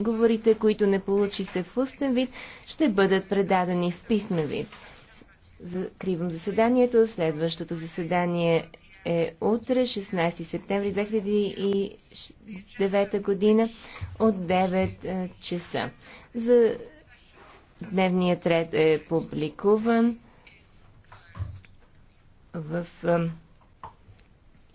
Говорите, които не получихте в устен вид, ще бъдат предадени в писмен вид. Закривам заседанието. Следващото заседание е утре, 16 септември 2009 година от 9 е, часа. За дневният ред е публикуван в е,